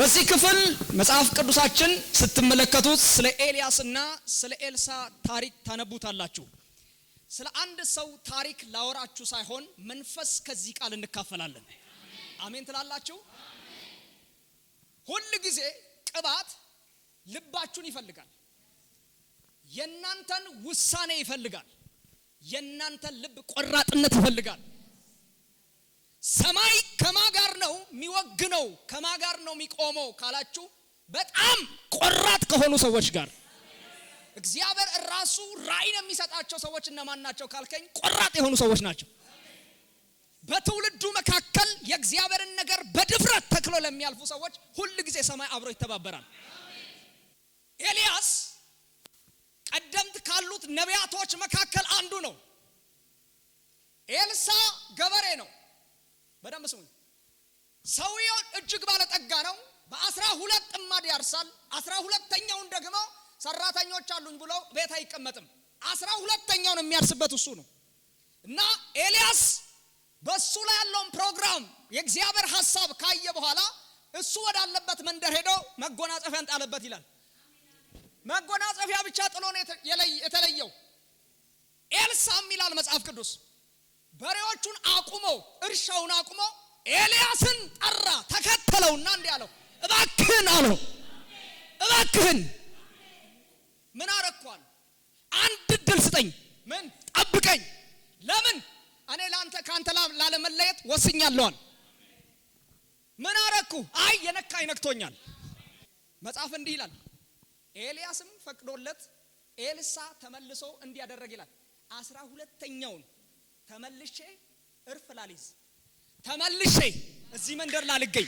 በዚህ ክፍል መጽሐፍ ቅዱሳችን ስትመለከቱት ስለ ኤልያስና ስለ ኤልሳ ታሪክ ታነቡታላችሁ። ስለ አንድ ሰው ታሪክ ላወራችሁ ሳይሆን መንፈስ ከዚህ ቃል እንካፈላለን። አሜን ትላላችሁ። ሁል ጊዜ ቅባት ልባችሁን ይፈልጋል። የእናንተን ውሳኔ ይፈልጋል። የእናንተን ልብ ቆራጥነት ይፈልጋል። ሰማይ ከማ ጋር ነው የሚወግነው? ከማ ጋር ነው የሚቆመው ካላችሁ በጣም ቆራጥ ከሆኑ ሰዎች ጋር። እግዚአብሔር ራሱ ነው የሚሰጣቸው ሰዎች እነማን ናቸው ካልከኝ ቆራጥ የሆኑ ሰዎች ናቸው። በትውልዱ መካከል የእግዚአብሔርን ነገር በድፍረት ተክሎ ለሚያልፉ ሰዎች ሁል ጊዜ ሰማይ አብሮ ይተባበራል። ኤልያስ ቀደምት ካሉት ነቢያቶች መካከል አንዱ ነው። ኤልሳ ገበሬ ነው። በደንብ ስሙኝ። ሰውየው እጅግ ባለጠጋ ነው። በአስራ ሁለት ጥማድ ያርሳል። አስራ ሁለተኛውን ደግሞ ሰራተኞች አሉኝ ብሎ ቤት አይቀመጥም። አስራ ሁለተኛውን የሚያርስበት እሱ ነው እና ኤልያስ በእሱ ላይ ያለውን ፕሮግራም የእግዚአብሔር ሀሳብ ካየ በኋላ እሱ ወዳለበት መንደር ሄዶ መጎናጸፊያን ጣለበት ይላል። መጎናጸፊያ ብቻ ጥሎ ነው የተለየው። ኤልሳም ይላል መጽሐፍ ቅዱስ በሬዎቹን አቁመው እርሻውን አቁመው ኤልያስን ጠራ፣ ተከተለውና እንዲህ አለው፣ እባክህን አለው፣ እባክህን ምን አረኳል? አንድ እድል ስጠኝ፣ ምን ጠብቀኝ። ለምን እኔ ለአንተ ከአንተ ላለመለየት ወስኛለዋል። ምን አረኩ? አይ የነካኝ ነክቶኛል። መጽሐፍ እንዲህ ይላል፣ ኤልያስም ፈቅዶለት ኤልሳ ተመልሶ እንዲያደረግ ይላል አስራ ሁለተኛውን ተመልሼ እርፍ ላልይዝ፣ ተመልሼ እዚህ መንደር ላልገኝ፣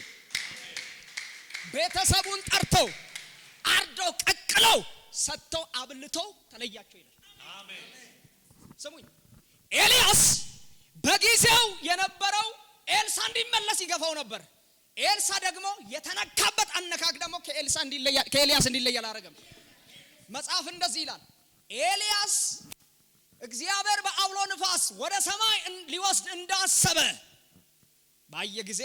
ቤተሰቡን ጠርተው አርደው ቀቅለው ሰጥተው አብልተው ተለያቸው ይላል። ስሙኝ፣ ኤልያስ በጊዜው የነበረው ኤልሳ እንዲመለስ ይገፋው ነበር። ኤልሳ ደግሞ የተነካበት አነካክ ደግሞ ከኤልሳ እንዲለያ ከኤልያስ እንዲለያ አላረገም። መጽሐፍ እንደዚህ ይላል ኤልያስ እግዚአብሔር በአውሎ ንፋስ ወደ ሰማይ ሊወስድ እንዳሰበ ባየ ጊዜ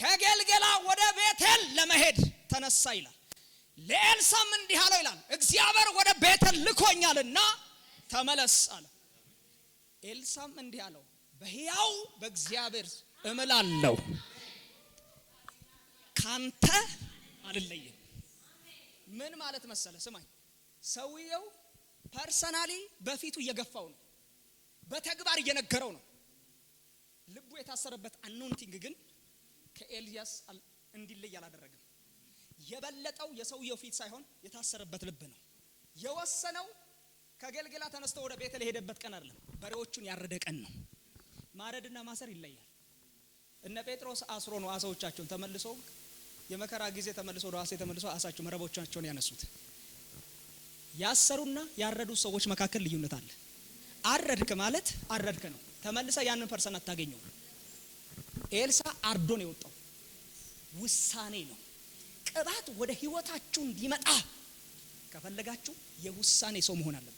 ከጌልጌላ ወደ ቤተል ለመሄድ ተነሳ ይላል። ለኤልሳም እንዲህ አለው ይላል፣ እግዚአብሔር ወደ ቤተል ልኮኛልና ተመለስ አለ። ኤልሳም እንዲህ አለው፣ በሕያው በእግዚአብሔር እምላለሁ ካንተ አልለይም። ምን ማለት መሰለ? ስማኝ ሰውየው ፐርሰናሊ በፊቱ እየገፋው ነው፣ በተግባር እየነገረው ነው። ልቡ የታሰረበት አኖንቲንግ ግን ከኤልያስ እንዲለይ አላደረግም። የበለጠው የሰውየው ፊት ሳይሆን የታሰረበት ልብ ነው የወሰነው። ከገልግላ ተነስቶ ወደ ቤተል የሄደበት ቀን አይደለም፣ በሬዎቹን ያረደ ቀን ነው። ማረድና ማሰር ይለያል። እነ ጴጥሮስ አስሮ ነው አሳዎቻቸውን ተመልሶ የመከራ ጊዜ ተመልሶ ወደ አሳ የተመልሶ አሳቸው መረቦቻቸውን ያነሱት። ያሰሩና ያረዱ ሰዎች መካከል ልዩነት አለ። አረድክ ማለት አረድክ ነው። ተመልሰ ያንን ፐርሰን አታገኘው። ኤልሳ አርዶ ነው የወጣው። ውሳኔ ነው። ቅባት ወደ ህይወታችሁ እንዲመጣ ከፈለጋችሁ የውሳኔ ሰው መሆን አለበት።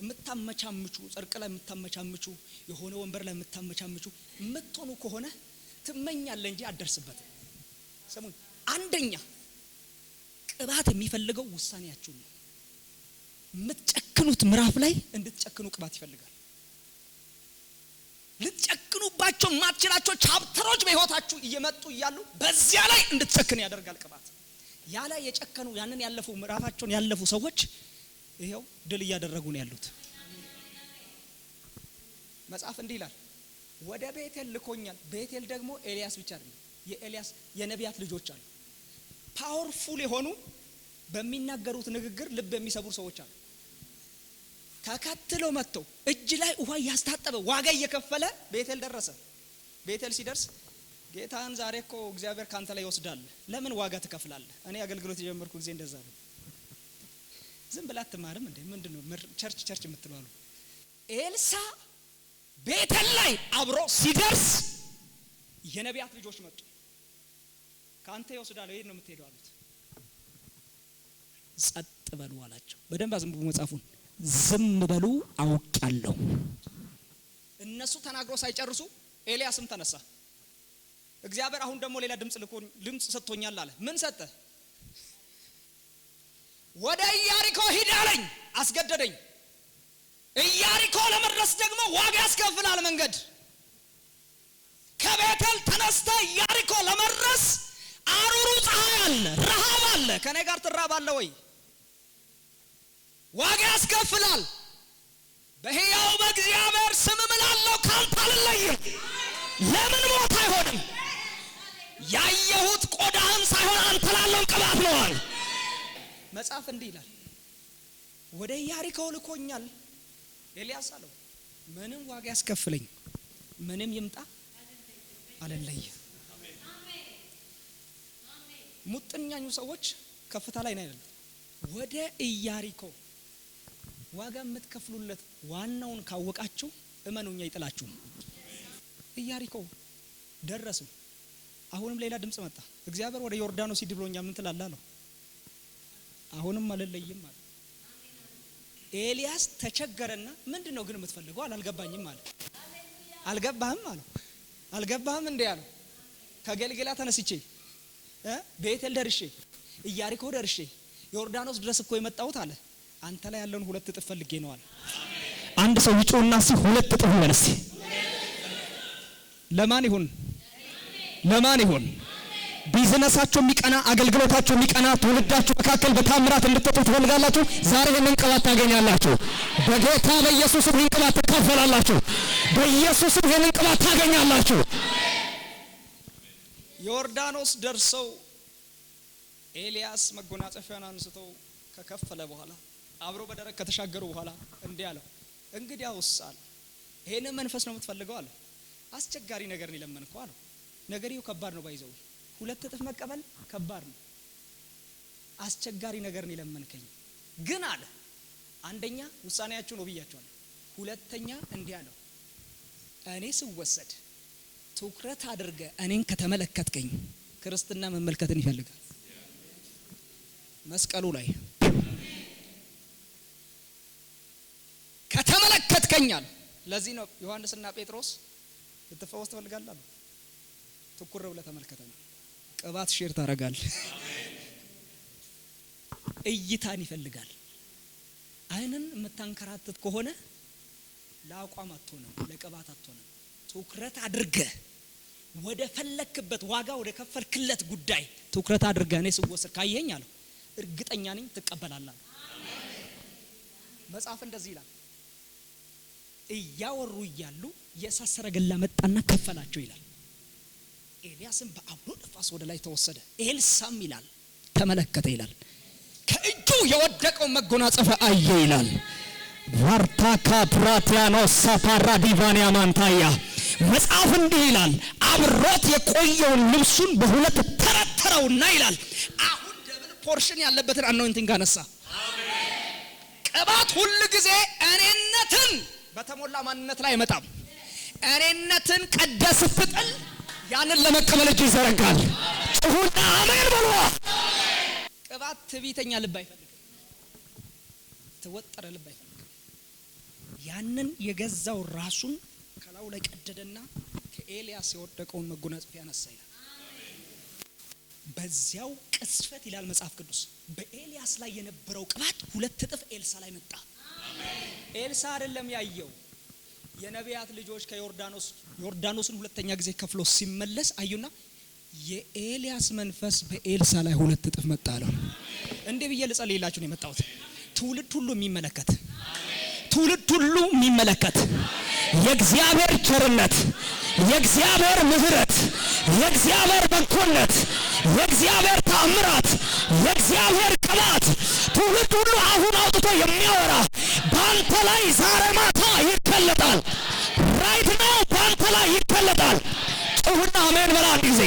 የምታመቻምቹ ጽድቅ ላይ የምታመቻምቹ የሆነ ወንበር ላይ የምታመቻምቹ የምትሆኑ ከሆነ ትመኛለ እንጂ አደርስበት። ስሙኝ አንደኛ ቅባት የሚፈልገው ውሳኔያችሁን ነው። የምትጨክኑት ምዕራፍ ላይ እንድትጨክኑ ቅባት ይፈልጋል። ልትጨክኑባቸው የማትችላቸው ቻፕተሮች በህይወታችሁ እየመጡ እያሉ በዚያ ላይ እንድትጨክኑ ያደርጋል ቅባት። ያ ላይ የጨከኑ ያንን ያለፉ ምዕራፋቸውን ያለፉ ሰዎች ይኸው ድል እያደረጉ ነው ያሉት። መጽሐፍ እንዲህ ይላል፣ ወደ ቤቴል ልኮኛል። ቤቴል ደግሞ ኤልያስ ብቻ አይደለም፣ የኤልያስ የነቢያት ልጆች አሉ። ፓወርፉል የሆኑ በሚናገሩት ንግግር ልብ የሚሰብሩ ሰዎች አሉ። ተከትለው መጥተው እጅ ላይ ውሃ እያስታጠበ ዋጋ እየከፈለ ቤቴል ደረሰ። ቤቴል ሲደርስ ጌታን ዛሬ እኮ እግዚአብሔር ካንተ ላይ ይወስዳል፣ ለምን ዋጋ ትከፍላለ? እኔ አገልግሎት የጀመርኩ ጊዜ እንደዛ ነው። ዝም ብላ አትማርም እንዴ? ምንድን ነው ቸርች ቸርች የምትለው ኤልሳ ቤቴል ላይ አብሮ ሲደርስ የነቢያት ልጆች መጡ። ከአንተ ይወስዳል ይሄን ነው የምትሄደው አሉት። ጸጥ በሉ አላቸው። በደንብ አዝንቡ መጻፉን ዝም በሉ አውቃለሁ። እነሱ ተናግሮ ሳይጨርሱ ኤልያስም ተነሳ። እግዚአብሔር አሁን ደግሞ ሌላ ድምጽ ልኮ ድምጽ ሰጥቶኛል አለ። ምን ሰጠ? ወደ ኢያሪኮ ሂድ አለኝ፣ አስገደደኝ። ኢያሪኮ ለመድረስ ደግሞ ዋጋ ያስከፍላል መንገድ ከቤተል ተነስተ ኢያሪኮ ለመድረስ አሩሩ ፀሐይ አለ፣ ረሃብ አለ። ከኔ ጋር ትራባለ ወይ? ዋጋ ያስከፍላል። በሕያው በእግዚአብሔር ስም እምላለሁ ካንተ አልለይም። ለምን ሞት አይሆንም። ያየሁት ቆዳህን ሳይሆን አንተ ላለው ቅባት ነዋል። መጽሐፍ እንዲህ ይላል፣ ወደ ኢያሪኮ ልኮኛል። ኤልያስ አለው ምንም ዋጋ ያስከፍለኝ ምንም ይምጣ አልለይም። ሙጥኛኙ ሰዎች ከፍታ ላይ ነው ወደ ኢያሪኮ ዋጋ የምትከፍሉለት ዋናውን ካወቃችሁ እመኑኝ አይጥላችሁም። ኢያሪኮ ደረሱ። አሁንም ሌላ ድምጽ መጣ። እግዚአብሔር ወደ ዮርዳኖስ ይድብሎኛ ምን ትላለህ አለው። አሁንም አልለይም አለ። ኤልያስ ተቸገረና ምንድን ነው ግን የምትፈልገው አላልገባኝም አለ። አልገባህም አለው። አልገባህም እንዴ አለው። ከገልግላ ተነስቼ ቤቴል ደርሼ እያሪኮ ደርሼ ዮርዳኖስ ድረስ እኮ የመጣሁት አለ። አንተ ላይ ያለውን ሁለት እጥፍ ፈልጌ ነው አለ። አንድ ሰው ይጮና ሲ ሁለት እጥፍ ይበል ለማን ይሁን ለማን ይሁን? ቢዝነሳቸው የሚቀና አገልግሎታቸው የሚቀና ትውልዳቸው መካከል በታምራት እንድትጠጡ ትፈልጋላችሁ። ዛሬ ይህንን ቅባት ታገኛላችሁ። በጌታ በኢየሱስም ይህን ቅባት ትካፈላላችሁ። በኢየሱስም ይህንን ቅባት ታገኛላችሁ። ዮርዳኖስ ደርሰው ኤልያስ መጎናጸፊያን አንስተው ከከፈለ በኋላ አብሮ በደረቅ ከተሻገሩ በኋላ እንዲህ አለው፣ እንግዲያውስ አለ ይሄንን መንፈስ ነው የምትፈልገው አለ። አስቸጋሪ ነገር ነው የለመንከው አለው። ነገርየው ከባድ ነው፣ ባይዘው ሁለት እጥፍ መቀበል ከባድ ነው። አስቸጋሪ ነገር ነው የለመንከኝ፣ ግን አለ አንደኛ ውሳኔያችሁ ነው ብያችኋለሁ። ሁለተኛ እንዲህ አለው፣ እኔ ስወሰድ ትኩረት አድርገ እኔን ከተመለከትከኝ ክርስትና መመልከትን ይፈልጋል። መስቀሉ ላይ ከተመለከትከኛል። ለዚህ ነው ዮሐንስና ጴጥሮስ ልትፈወስ ትፈልጋለህ ትኩር ብለህ ተመልከተ ነው። ቅባት ሼር ታደርጋል። እይታን ይፈልጋል። አይንን የምታንከራትት ከሆነ ለአቋም አትሆንም፣ ለቅባት አትሆንም። ትኩረት አድርገ ወደ ፈለክበት ዋጋ ወደ ከፈልክለት ጉዳይ ትኩረት አድርገ እኔ ስወስድ ካየኝ አለው እርግጠኛ ነኝ ትቀበላላል። መጽሐፍ እንደዚህ ይላል። እያወሩ እያሉ የእሳት ሰረገላ መጣና ከፈላቸው ይላል። ኤልያስም በአውሎ ነፋስ ወደ ላይ ተወሰደ። ኤልሳም ይላል ተመለከተ ይላል። ከእጁ የወደቀው መጎናጸፈ አየ ይላል። ቫርታካ ፕራቲያኖ ሳፓራ ዲቫኒያ ማንታያ መጽሐፍ እንዲህ ይላል፣ አብሮት የቆየውን ልብሱን በሁለት ተረተረውና ይላል አሁን ደብል ፖርሽን ያለበትን አናውንቲንግ አነሳ። ቅባት ሁል ጊዜ እኔነትን በተሞላ ማንነት ላይ አይመጣም። እኔነትን ቀደስ ፍጥል ያንን ለመቀበል እጅ ይዘረጋል። ጭሁና አሜን በሎ ቅባት ትቢተኛ ልብ አይፈልግም። ትወጠረ ልብ አይፈልግም። ያንን የገዛው ራሱን ከላው ላይ ቀደደና ከኤልያስ የወደቀውን መጎናጸፊያ ያነሳ ይላል። በዚያው ቅስፈት ይላል መጽሐፍ ቅዱስ በኤልያስ ላይ የነበረው ቅባት ሁለት እጥፍ ኤልሳ ላይ መጣ። ኤልሳ አይደለም ያየው የነቢያት ልጆች ከዮርዳኖስ ዮርዳኖስን ሁለተኛ ጊዜ ከፍሎ ሲመለስ አዩና የኤልያስ መንፈስ በኤልሳ ላይ ሁለት እጥፍ መጣ አለው። እንዴ ብዬ ልጸልይላችሁ ነው የመጣሁት። ትውልድ ሁሉ የሚመለከት ትውልድ ሁሉ የሚመለከት የእግዚአብሔር ቸርነት፣ የእግዚአብሔር ምሕረት፣ የእግዚአብሔር በጎነት፣ የእግዚአብሔር ታምራት፣ የእግዚአብሔር ቅባት ትውልድ ሁሉ አሁን አውጥቶ የሚያወራ በአንተ ላይ ዛሬ ማታ ይከለጣል። ራይት ነው በአንተ ላይ ይከለጣል። ጩሁና አሜን በላ አንድ ጊዜ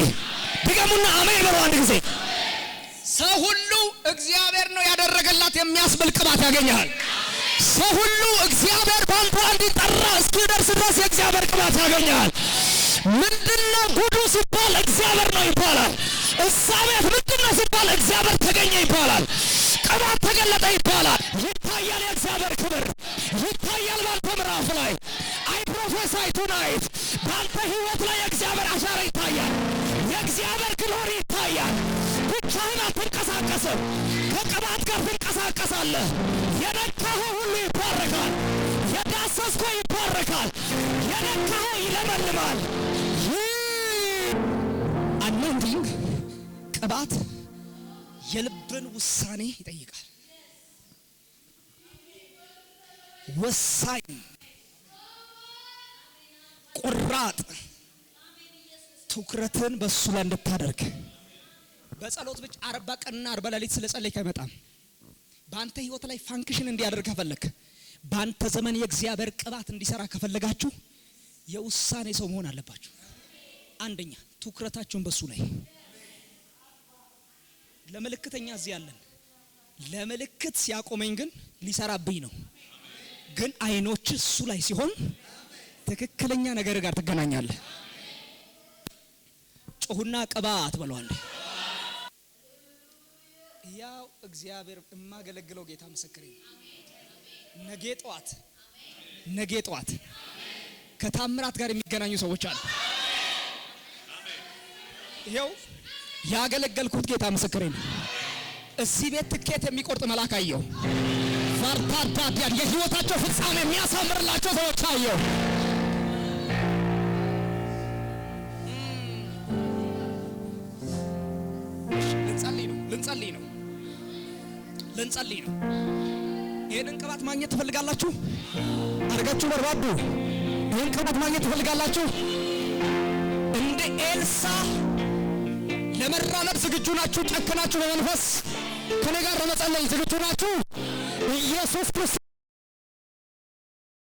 ድገሙና አሜን በላ አንድ ጊዜ ሰው ሁሉ እግዚአብሔር ነው ያደረገላት የሚያስብል ቅባት ያገኛል። ሰው ሁሉ እግዚአብሔር ባንቱ እንዲጠራ እስኪደርስ ድረስ የእግዚአብሔር ቅባት ያገኛል። ምንድነው ጉዱ ሲባል እግዚአብሔር ነው ይባላል። እዛ ቤት ምንድነ ሲባል እግዚአብሔር ተገኘ ይባላል። ቅባት ተገለጠ ይባላል። ይታያል፣ የእግዚአብሔር ክብር ይታያል። ባንተ ምዕራፍ ላይ አይ ፕሮፌሳይ ቱናይት ባንተ ህይወት ላይ የእግዚአብሔር አሻራ ይታያል። የእግዚአብሔር ግሎሪ ይታያል። ብቻህን አትንቀሳቀስም። ከቅባት ጋር ትንቀሳቀሳለህ። የነካኸው ሁሉ ይባረካል። የዳሰስኮ ይባረካል። የነካኸው ይለመልማል። አኖንቲንግ ቅባት የልብን ውሳኔ ይጠይቃል። ወሳኝ ቁራጥ ትኩረትን በእሱ ላይ እንድታደርግ በጸሎት ብቻ አርባ ቀንና አርባ ሌሊት ስለጸለይ አይመጣም። በአንተ ህይወት ላይ ፋንክሽን እንዲያደርግ ከፈለክ፣ በአንተ ዘመን የእግዚአብሔር ቅባት እንዲሰራ ከፈለጋችሁ የውሳኔ ሰው መሆን አለባችሁ። አንደኛ ትኩረታችሁን በሱ ላይ ለምልክተኛ እዚህ ያለን ለምልክት ሲያቆመኝ ግን ሊሰራብኝ ነው። ግን አይኖች እሱ ላይ ሲሆን ትክክለኛ ነገር ጋር ትገናኛለህ። ጮሁና ቅባት በለዋል። እግዚአብሔር የማገለግለው ጌታ ምስክሬ ነገ ጠዋት ነገ ጠዋት ከታምራት ጋር የሚገናኙ ሰዎች አሉ። ይኸው ያገለገልኩት ጌታ ምስክሬ ነው። እዚህ ቤት ትኬት የሚቆርጥ መልአክ አየሁ። ፋርታዳዲያን የህይወታቸው ፍጻሜ የሚያሳምርላቸው ሰዎች አየሁ። ልንጸልይ ነው። ልንጸልይ ነው። ልንጸልይ ነው። ይህንን ቅባት ማግኘት ትፈልጋላችሁ? አድርጋችሁ በርባዱ። ይህን ቅባት ማግኘት ትፈልጋላችሁ? እንደ ኤልሳ ለመራመድ ዝግጁ ናችሁ? ጨክናችሁ በመንፈስ ከኔ ጋር ለመጸለይ ዝግጁ ናችሁ? ኢየሱስ ክርስቶስ